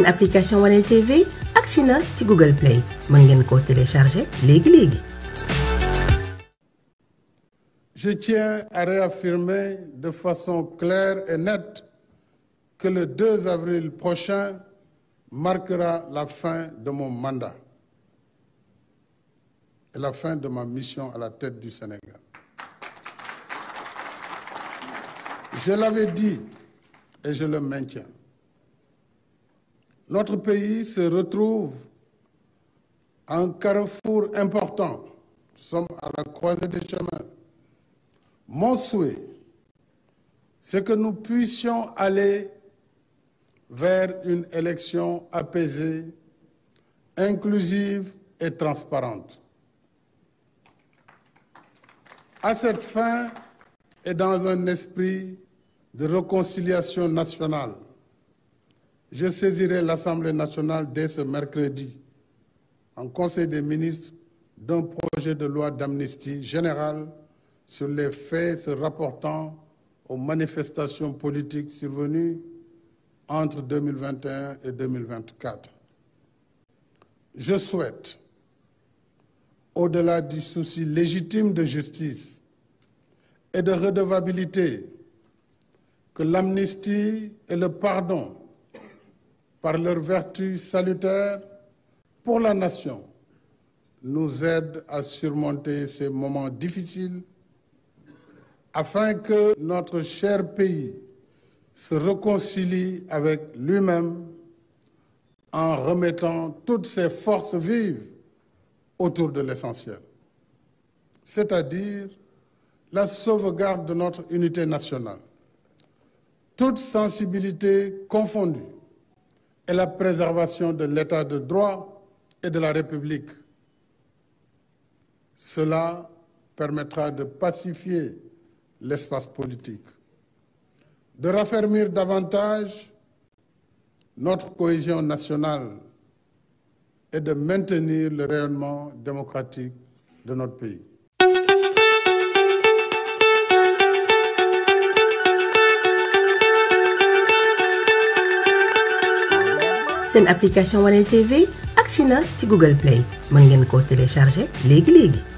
application Wanel TV Google Play Je tiens à réaffirmer de façon claire et nette que le 2 avril prochain marquera la fin de mon mandat et la fin de ma mission à la tête du Sénégal. Je l'avais dit et je le maintiens notre pays se retrouve à un carrefour important. Nous sommes à la croisée des chemins. Mon souhait, c'est que nous puissions aller vers une élection apaisée, inclusive et transparente. À cette fin, et dans un esprit de réconciliation nationale, je saisirai l'Assemblée nationale dès ce mercredi en Conseil des ministres d'un projet de loi d'amnistie générale sur les faits se rapportant aux manifestations politiques survenues entre 2021 et 2024. Je souhaite, au-delà du souci légitime de justice et de redevabilité, que l'amnistie et le pardon par leurs vertus salutaire, pour la nation, nous aident à surmonter ces moments difficiles afin que notre cher pays se réconcilie avec lui-même en remettant toutes ses forces vives autour de l'essentiel, c'est-à-dire la sauvegarde de notre unité nationale, toute sensibilité confondue, et la préservation de l'état de droit et de la République. Cela permettra de pacifier l'espace politique, de raffermir davantage notre cohésion nationale et de maintenir le rayonnement démocratique de notre pays. une application Wanel TV ak sur Google Play Vous pouvez télécharger légui légui